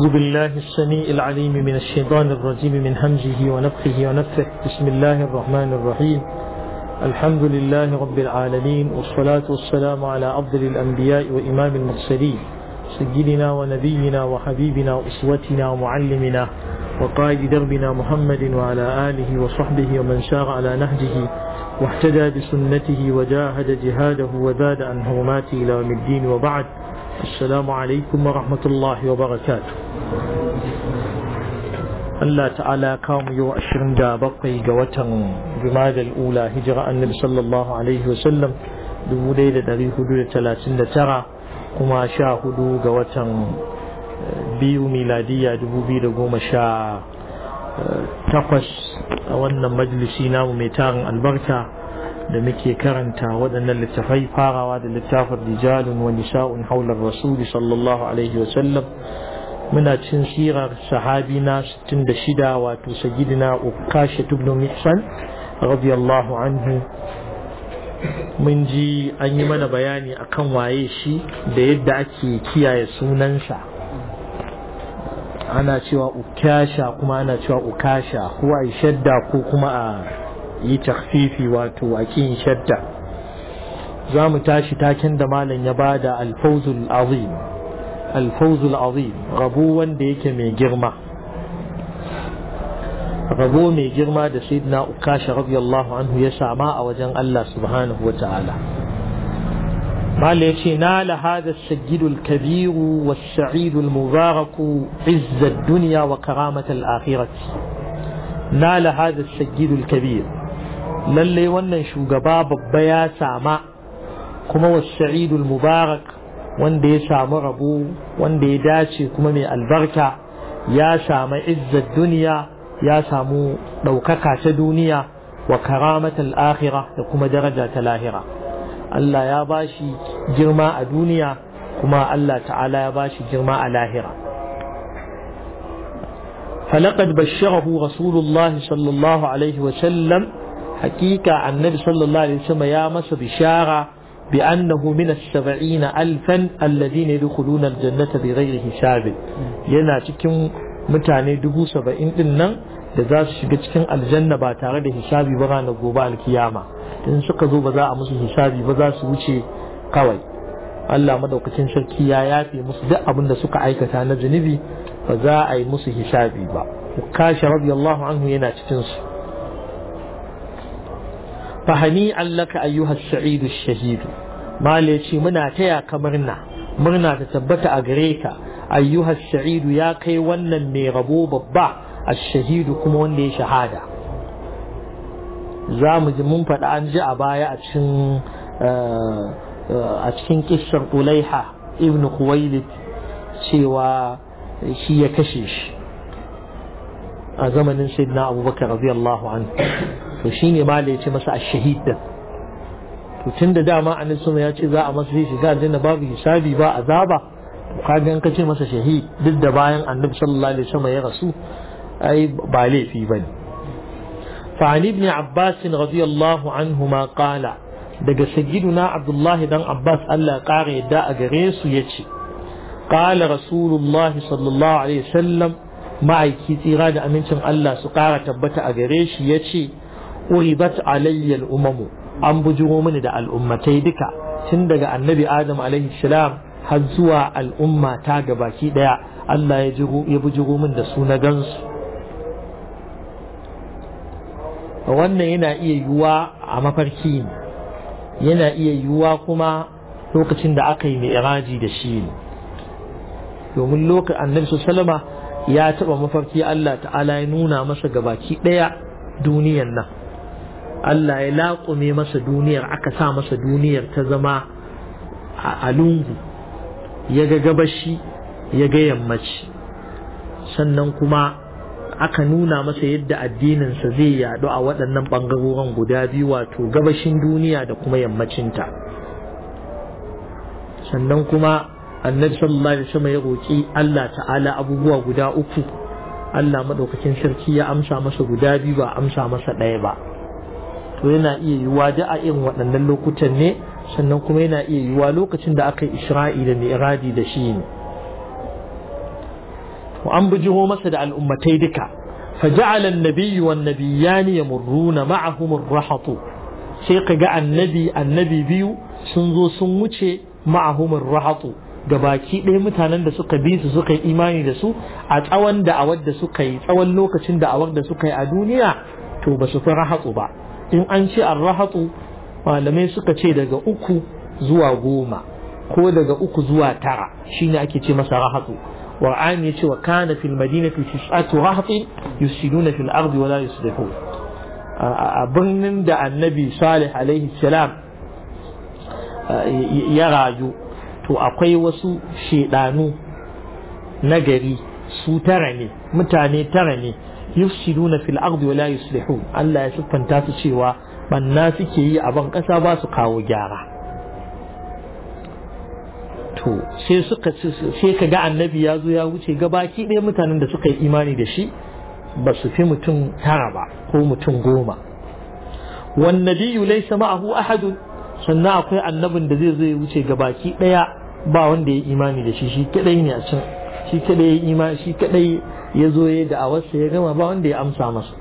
أعوذ بالله السميع العليم من الشيطان الرجيم من همزه ونفخه ونفثه بسم الله الرحمن الرحيم الحمد لله رب العالمين والصلاة والسلام على أفضل الأنبياء وإمام المرسلين سيدنا ونبينا وحبيبنا وأسوتنا ومعلمنا وقائد دربنا محمد وعلى آله وصحبه ومن سار على نهجه واحتدى بسنته وجاهد جهاده وزاد عن هرماته إلى يوم الدين وبعد السلام عليكم ورحمة الله وبركاته Allah ta'ala kamu yau ashirin da bakwai ga watan Jumadal Ula hijira annabi sallallahu alaihi wasallam dubu ɗaya da ɗari hudu da talatin da tara kuma sha hudu ga watan eh, biyu miladiya dubu biyu da goma sha eh, takwas a wannan majalisi namu mai tarin albarka da muke karanta waɗannan littafai farawa da littafin rijalun wani nisa'un haular rasuli sallallahu alaihi wasallam muna cin sirar sahabi na 66 wato sagidina ukasha ibn mihsan radiyallahu anhu mun ji an yi mana bayani akan waye shi da yadda ake kiyaye sunansa ana cewa ukasha kuma ana cewa ukasha ko a shadda ko kuma a yi takfifi wato a kin shadda za mu tashi taken da malam ya bada alfawzul azim alfawzul azim rabo wanda yake mai girma rabo mai girma da sayyidina ukasha radiyallahu anhu ya sama a wajen Allah subhanahu wata'ala mala yace na hadha sajidul Kabiru wa sa'idul Mubaraku izza duniya wa karamatal akhirat na nala hadha sajidul kabir lallai wannan shugaba babba ya sama kuma wa sa'idul mubarak wanda ya samu rabo wanda ya dace kuma mai albarka ya samu izzar duniya ya samu ɗaukaka ta duniya wa karamatal akhira da kuma daraja ta lahira Allah ya bashi girma a duniya kuma Allah ta'ala ya bashi girma a lahira فلقد بشره رسول الله صلى الله عليه وسلم حقيقة النبي صلى الله عليه وسلم بأنه من السبعين ألفا الذين يدخلون الجنة بغير حساب ينا تكون متعني دبو سبعين إنن da za su shiga cikin aljanna ba tare da hisabi ba ranar gobe alkiyama in suka zo ba za a musu hisabi ba za su wuce kawai Allah madaukakin sarki ya yafe musu duk abin da suka aikata na zunubi ba za a yi musu hisabi ba kashe radiyallahu anhu yana cikin su fahani allaka ayyuhas sa'idu shahidu ya ce muna taya ka murna murna ta tabbata a gare ka ayyuhas sa'idu ya kai wannan mai rabo babba ash-shahidu kuma wanda ya shahada za mu ji mun faɗa an ji a baya a cikin eh, a cikin kissar Ulaiha ibn kuwailid cewa shi ya kashe shi a zamanin Sayyidina Abubakar radiyallahu anhu to shine ma da yace masa ash-shahid da to tunda dama annabi sama ya ce za a masa zai shiga aljanna babu hisabi ba azaba kaga an kace masa shahid duk da bayan annabi sallallahu alaihi wasallam ya rasu ai ba laifi bane fa ali ibn abbas radiyallahu ma qala daga sayyiduna abdullahi dan abbas Allah kare yadda a gare su yace قال رسول الله صلى الله عليه وسلم ma'aiki tsira da amincin Allah su kara tabbata a gare shi ya ce uribat alayyal al'umamu an bujiro mini da al'ummatai duka tun daga annabi adam alaihi salam har zuwa al'umma ta baki ɗaya? Allah ya bujiro min da su na gansu wannan yana iya yiwuwa a mafarki yana iya yiwuwa kuma lokacin da aka yi mai da shi ne domin lokacin annabi salama ya taba mafarki Allah ta'ala ya nuna masa gabaki ɗaya duniyan nan Allah ya laƙume masa duniyar aka sa masa duniyar ta zama a lungu ya ga gabashi ya ga yammaci sannan kuma aka nuna masa yadda addininsa zai yaɗu a waɗannan ɓangarorin guda biyu wato gabashin duniya da kuma yammacinta sannan kuma annabi sallallahu alaihi wasallam ya roƙi Allah ta'ala abubuwa guda uku Allah maɗaukakin sarki ya amsa masa guda biyu ba amsa masa ɗaya ba to yana iya yiwa da a irin waɗannan lokutan ne sannan kuma yana iya yiwa lokacin da aka yi isra'i da mi'radi da shi ne wa an jiho masa da al'ummatai duka فجعل النبي ya muruna معهم الرحط sai ka ga annabi annabi biyu sun zo sun wuce ma'ahumar rahatu ga baki ɗaya mutanen da suka bi su suka yi imani da su a tsawon da'awar da suka yi tsawon lokacin da'awar da suka yi a duniya to ba su fi rahatsu ba in an ce arrahatu malamai suka ce daga uku zuwa goma ko daga uku zuwa tara shine ake ce masa rahatu qur'ani yace wa kana fil madinati tis'atu rahatin yusiduna fil ardi wala yuslihun a birnin da annabi salih alaihi salam ya rayu to akwai wasu shedanu na gari su tara ne mutane tara ne yufsiduna fil ardi wa la yuslihu Allah ya siffanta su cewa banna suke yi a ban kasa ba su kawo gyara to sai suka sai ka ga annabi ya zo ya wuce gabaki ɗaya mutanen da suka yi imani da shi ba su fi mutum tara ba ko mutum goma wan nabiyyu laysa ma'ahu ahad sannan akwai annabin da zai zo ya wuce gabaki ɗaya ba wanda ya imani da shi shi kadai ne a can shi kadai imani shi kadai ya zo ya da awarsa ya gama ba wanda ya amsa masa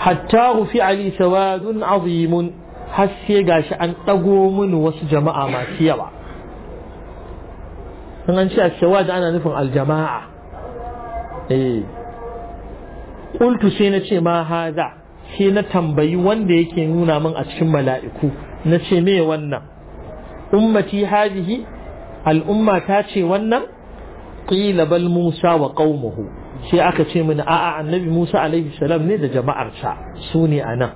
hatta rufi ali sawadun azimun hasse ga gashi an ɗago mini wasu jama'a masu yawa sun an ce a ana nufin aljama'a eh sai na ce ma haza sai na tambayi wanda yake nuna min a cikin mala'iku na ce me wannan ummati hadihi al'umma ta ce wannan qila bal musa wa qaumuhu sai aka ce mini a'a annabi musa alaihi salam ne da jama'arsa su ne anan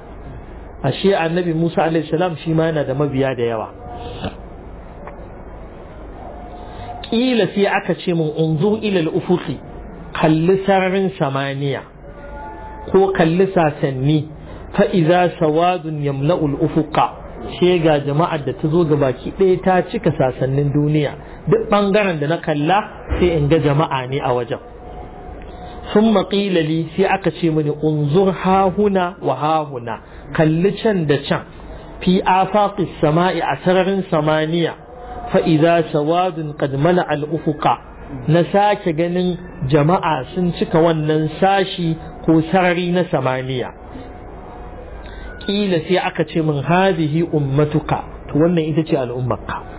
ashe annabi musa alaihi salam shi ma yana da mabiya da yawa kila sai aka ce min unzu ila al-ufuqi kalli sararin samaniya ko kalli sasanni fa iza sawadun yamla'u al-ufuqa she ga jama'ar da ta zo ga baki ɗaya ta cika sasannin duniya duk ɓangaren da na kalla sai in ga jama'a ne a wajen sun maƙilali sai aka ce mini unzur hahuna wa hahuna kalli can da can fi afaqis sama'i a sararin samaniya fa idza sawadun qad mala al ufuqa na sake ganin jama'a sun cika wannan sashi ko sarari na samaniya ƙila sai aka ce min hadihi ummatuka to wannan ita ce al'ummarka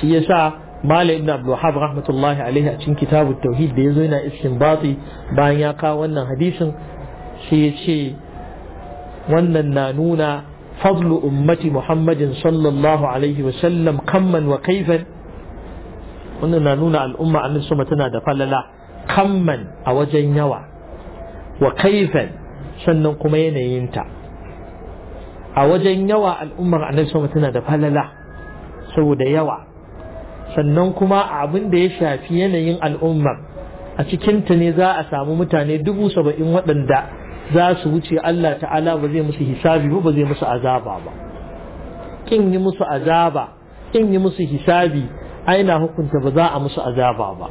shi yasa Malam Ibn Abdul rahmatullahi alaihi a cikin kitabu tauhid da ya zo yana iskin istinbati bayan ya kawo wannan hadisin sai ya ce wannan na nuna fadlu ummati Muhammadin sallallahu alaihi wa sallam kamman wa kaifan wannan na nuna al'umma annabi sama tana da falala kamman a wajen yawa wa kaifan sannan kuma yanayinta a wajen yawa al'ummar annabi sama tana da falala saboda yawa sannan kuma abin da ya shafi yanayin al'ummar a cikinta ne za a samu mutane dubu saba'in waɗanda za su wuce Allah ta'ala ba zai musu hisabi ba zai musu azaba ba kin yi musu azaba kin yi musu hisabi aina hukunta ba za a musu azaba ba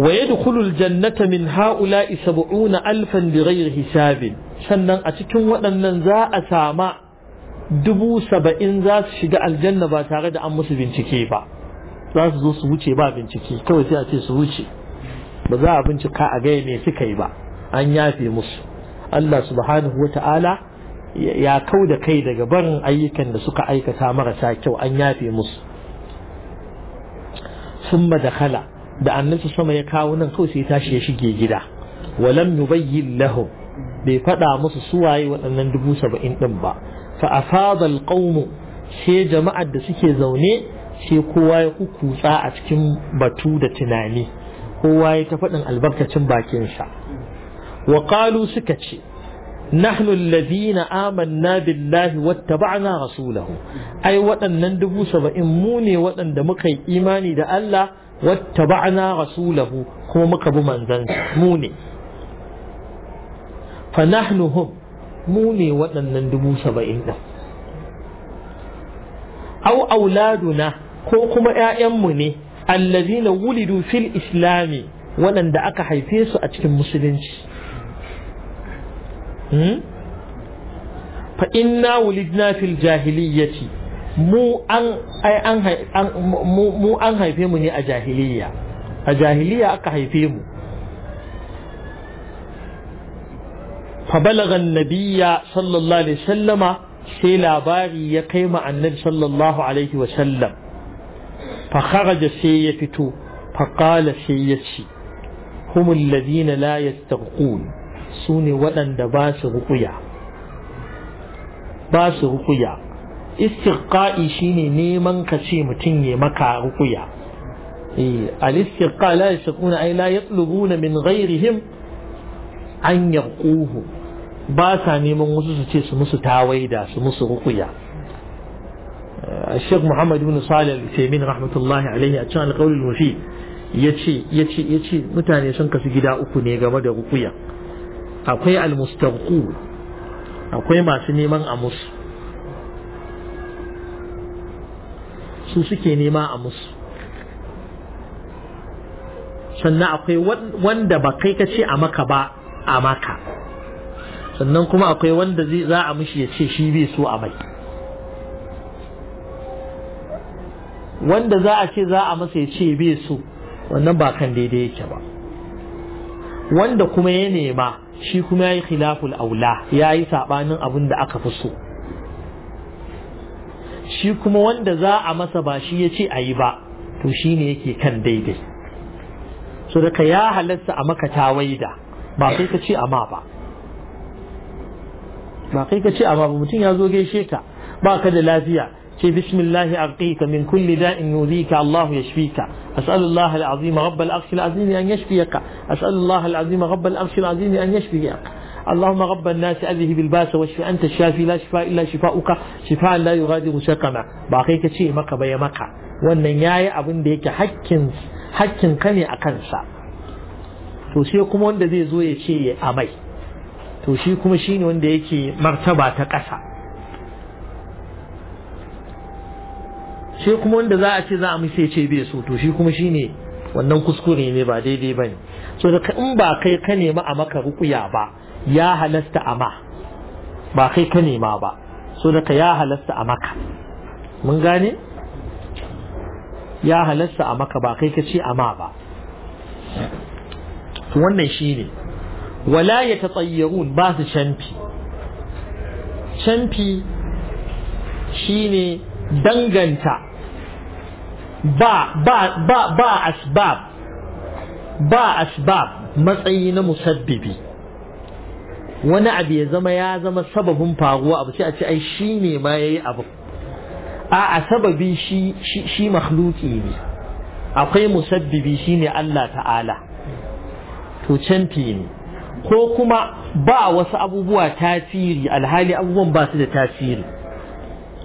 wa yadkhulu aljannata min ha'ula'i sab'una alfan bighayri hisabin sannan a cikin waɗannan za a sama dubu saba'in za su shiga aljanna ba tare da an musu bincike ba za su zo su wuce ba bincike kawai sai a ce su wuce ba za a bincika a gaya me suka yi ba an yafe musu Allah subhanahu wa ta'ala ya kau da kai daga barin ayyukan da suka aikata marasa kyau an yafe musu sun kala da annabi sama ya kawo nan kawai sai tashi ya shige gida walam nubayyin lahum bai faɗa musu suwaye waɗannan dubu saba'in ɗin ba فأفاض القوم sai jama'ar da suke zaune sai kowa ya kukutsa a cikin batu da tunani kowa ya ta faɗin albarkacin bakinsa wa qalu suka ce nahnu alladhina amanna billahi wattaba'na rasulahu ai waɗannan dubu saba'in mu ne waɗanda muka yi imani da Allah wattaba'na rasulahu kuma muka bi manzansa mu ne fa nahnu hum mu ne waɗannan dubu saba'in ɗin au auladuna ko kuma ‘ya'yanmu ne allazina wulidu fil islami waɗanda aka haife su a cikin musulunci hmm? fa inna wulidna fil jahiliyyati mu an ai mu an haife mu ne a jahiliya a jahiliya aka haife mu فبلغ النبي صلى الله عليه وسلم سيلا باري يقيم عن النبي صلى الله عليه وسلم فخرج سيفتو فقال سيفتي هم الذين لا يستغقون سوني ولن دباس غقيا باس غقيا استغقاء شيني نيمان كشيم تيني مكا غقيا الاستغقاء لا يستغقون أي لا يطلبون من غيرهم أن يرقوهم ba sa neman wasu su ce su musu tawaida su musu rukuya eh, shek Muhammad bin Salih al rahmatullahi alaihi a cikin alƙawul mafi mutane sun kasu gida uku ne game da rukuya akwai al akwai masu neman a musu su suke nema a musu sannan akwai wanda ba kai ka ce a maka ba a maka sannan kuma akwai wanda zai za a mishi ya ce shi bai so a mai wanda za a ce za a masa ya ce bai so wannan ba kan daidai yake ba wanda kuma ya nema shi kuma ya yi khilaful aula ya yi sabanin abin da aka fi so shi kuma wanda za a masa ba shi ya ce a yi ba to shi ne yake kan daidai so daga ya halarta a makata waida ba sai ka ce a ma ba ba kai ka ce amma ba mutum ya zo gaishe ka ba ka da lafiya ce bismillahi aqika min kulli da'in yuzika Allah yashfika as'alullah al'azim rabb al-arsh al-azim an yashfiyaka as'alullah al-azim rabb al-arsh al-azim an yashfiyaka اللهم رب الناس أذه بالباس واشف أنت الشافي لا شفاء إلا شفاؤك شفاء لا يغادر سقما باقي كشيء مكة بيا مكة wannan yayi abin da yake hakkin ka ne a kansa to sai kuma wanda zai zo ya ce ya amai to shi kuma shi ne wanda yake martaba ta ƙasa shi kuma wanda za a ce za a mace ce bai so to shi kuma shi ne wannan kuskure ne ba daidai ba ne. so da in ba kai ka nema a maka rukuya ba ya halasta a ma ba kai ka nema ba so da ka ya halasta a maka mun gane ya halasta a maka ba kai ka ce a ma ba Wannan shi ne. wala ya tsayyarun ba su canfi canfi ne danganta ba ba ba ba asbab ba asbab matsayi na musabbibi wani abu ya zama ya zama sababin faruwa abu sai a ce ai shi ne ma yayi abu a a sababi shi shi makhluki ne akwai musabbibi shine Allah ta'ala to canfi ne ko kuma ba wasu abubuwa tasiri alhali abubuwan ba su da tasiri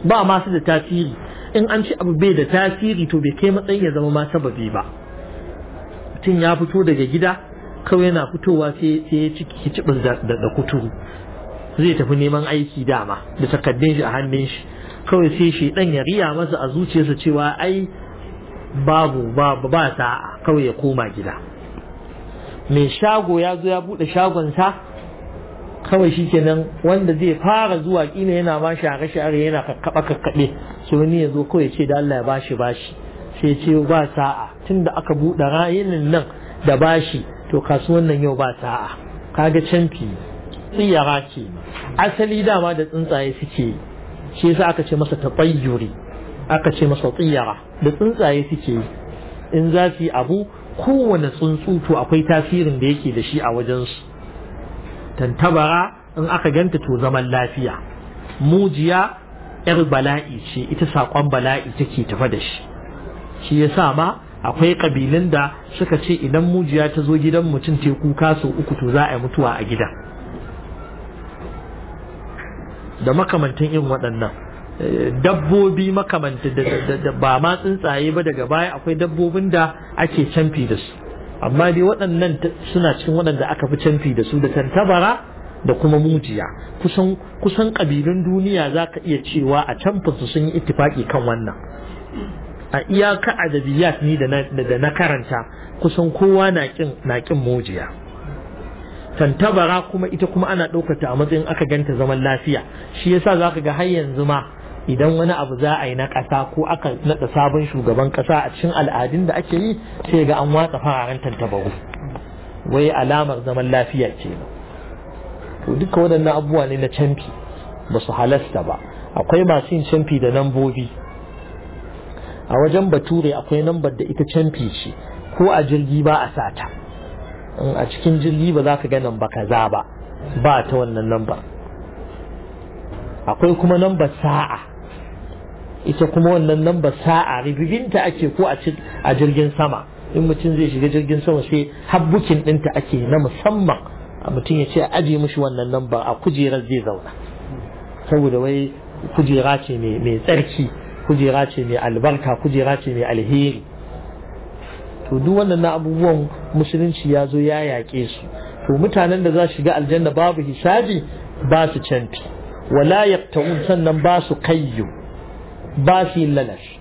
ba ma su da tasiri in an ci abu bai da tasiri to bai kai matsayin ya zama ma sababi ba mutum ya fito daga gida kawai yana fitowa sai ya ciki cibin da kuturu zai tafi neman aiki dama da takaddun shi a hannun shi kawai sai shi dan ya riya masa a zuciyarsa cewa ai babu ba ba ta kawai ya koma gida mai shago ya zo ya buɗe shagonsa kawai shi kenan wanda zai fara zuwa ƙina yana a share share yana kakkaɓa kakkaɓe so ni ya zo kawai ce da Allah ya bashi bashi sai ce ba sa'a tunda aka buɗe rayinin nan da bashi to kasuwan nan yau ba sa'a kaga canfi tsiyara ke asali dama da tsuntsaye suke shi yasa aka ce masa tabayyuri aka ce masa tsiyara da tsuntsaye suke in za su yi abu kowane tsuntsu to akwai tasirin da yake da shi a wajen su, tantabara in aka ganta to zaman lafiya mujiya yar bala'i ce ita saƙon bala'i take tafa da shi shi ya sa ma akwai ƙabilun da suka ce idan mujiya ta zo gidan mutum te kuka sau uku to za a yi mutuwa a gidan da makamantan irin waɗannan dabbobi makamanta da ba ma tsuntsaye ba daga baya akwai dabbobin da ake canfi da su amma dai waɗannan suna cikin waɗanda aka fi canfi da su da tantabara da kuma mujiya kusan kusan ƙabilun duniya za ka iya cewa a canfinsu sun yi ittifaki kan wannan a iyaka adabiyat ni da na karanta kusan kowa na ƙin mujiya tantabara kuma ita kuma ana ɗaukata a matsayin aka ganta zaman lafiya shi yasa za ka ga har yanzu ma idan wani abu za a yi na ƙasa ko aka naɗa sabon shugaban ƙasa a cikin al'adun da ake yi sai ga an watsa fararen tantabaru wai alamar zaman lafiya ce to duka waɗannan abubuwa ne na canfi ba su halasta ba akwai masu yin canfi da nambobi a wajen bature akwai nambar da ita canfi ce ko a jirgi ba a sata a cikin jirgi ba za ka ga nan ba kaza ba ba ta wannan nambar akwai kuma nambar sa'a ita kuma wannan lamba sa'a ribibinta ake ko a jirgin sama in mutum zai shiga jirgin sama sai habbukin ɗinta ake na musamman a mutum ya ce a aje mushi wannan lambar a kujerar zai zauna saboda wai kujera ce mai tsarki kujera ce mai albarka kujera ce mai alheri to duk wannan na abubuwan musulunci ya zo ya yaƙe su to mutanen da za su shiga aljanna babu hisabi ba su canfi wala yaqta'un sannan ba su kayyu ba su yin lalashi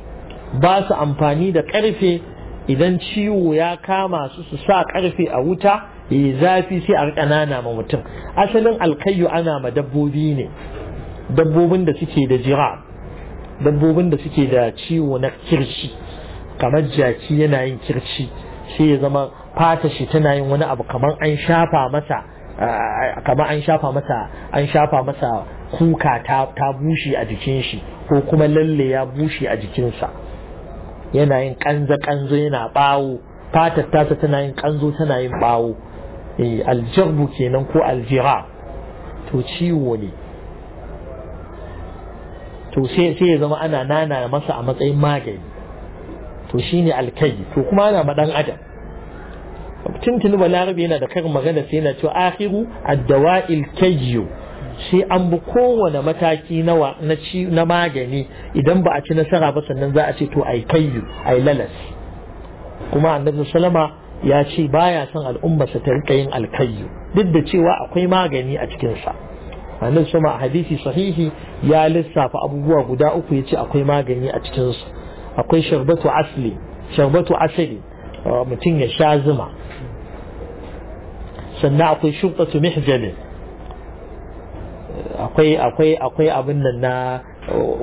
ba su amfani da ƙarfe idan ciwo ya kama su su sa ƙarfe a wuta ya yi zafi sai a ƙanana ma mutum asalin alkayyu ana ma dabbobi ne dabbobin da suke da jira dabbobin da suke da ciwo na kirci kamar jaki yana yin kirci sai ya zama fata shi tana yin wani abu kamar an shafa masa kamar an shafa masa an shafa masa kuka ta bushe a jikin shi ko kuma lalle ya bushe a jikinsa yana yin kanzo kanzo yana bawo fatar tasa tana yin kanzo tana yin bawo eh, aljarbu kenan ko aljira to ciwo ne to sai ya zama ana nana masa a matsayin magani to shine alkai to kuma ana madan adam tuntuni balarabe yana da karin magana sai yana cewa akhiru addawa'il dawail kayyu sai an bi kowane mataki na na magani idan ba a ci nasara ba sannan za a ce to ai kayyu ai lalas kuma annabi sallama ya ce baya son al'umma su ta rika yin alkayyu duk da cewa akwai magani a cikin sa annabi a hadisi sahihi ya lissafa abubuwa guda uku ya ce akwai magani a cikin su akwai sharbatu asli sharbatu asali uh, mutum ya sha zuma sannan akwai shubtatu mihjamin akwai akwai akwai abin nan na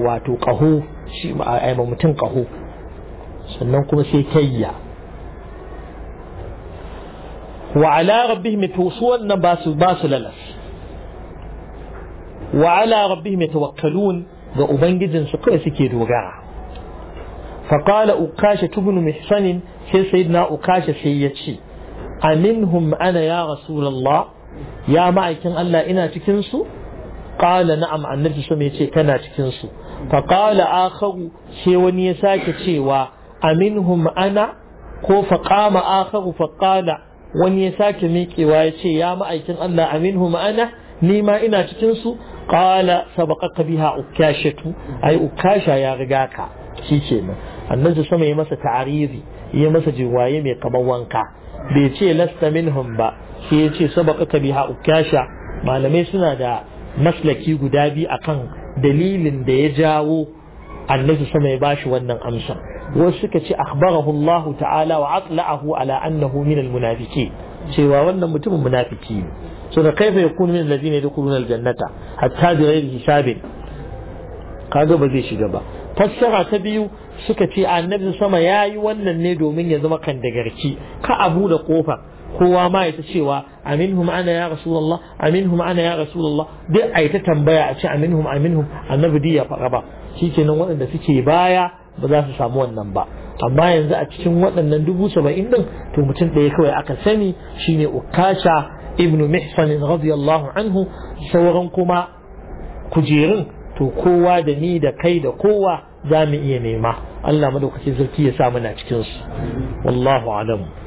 wato kahu shi a mutum kahu sannan kuma sai kayya wa ala rabbihim tusuwan nan ba su ba su lalas wa ala rabbihim tawakkalun ga ubangijin su kai suke dogara fa qala ukasha tubnu mihsanin sai sayyidina ukasha sai ya ce aminhum ana ya rasulallah ya ma'aikin Allah ina cikin su qala na'am annabi sai yace kana cikin su fa qala akharu ce wani ya sake cewa aminhum ana ko fa qama akharu fa kala wani ya sake miƙewa ya ce ya ma'aikin Allah aminhum ana ni ma ina cikin su qala sabaqaka biha ukashatu ai ukasha ya riga ka shi kenan annabi sama ya masa ta'arizi ya masa jiwaye mai kamar wanka bai ce lasta minhum ba sai ya ce bi ha ukasha malamai suna da maslaki guda biyu akan dalilin da ya jawo annabi sama ya bashi wannan amsa wasu suka ce akhbarahu Allah ta'ala wa atla'ahu ala annahu min almunafiqin cewa wannan mutumin munafiki ne so da kaifa yakunu min alladhina yadkhuluna jannata hatta bi ghairi hisabin kaga ba zai shiga ba fassara ta biyu suka ce annabi sama ya yi wannan ne domin ya zama kan ka abu da kofa kowa ma ya ta cewa aminhum ana ya rasulullah aminhum ana ya rasulullah duk ta tambaya a ce aminhum aminhum annabi dai ya faɗa ba shikenan waɗanda suke baya ba za su samu wannan ba amma yanzu a cikin waɗannan dubu saba'in din to mutum ɗaya kawai aka sani shine ukasha ibnu mihsan radiyallahu anhu sauran kuma kujerun to kowa da ni da kai da kowa za mu iya nema Allah madaukakin sarki ya sa muna cikin su wallahu alam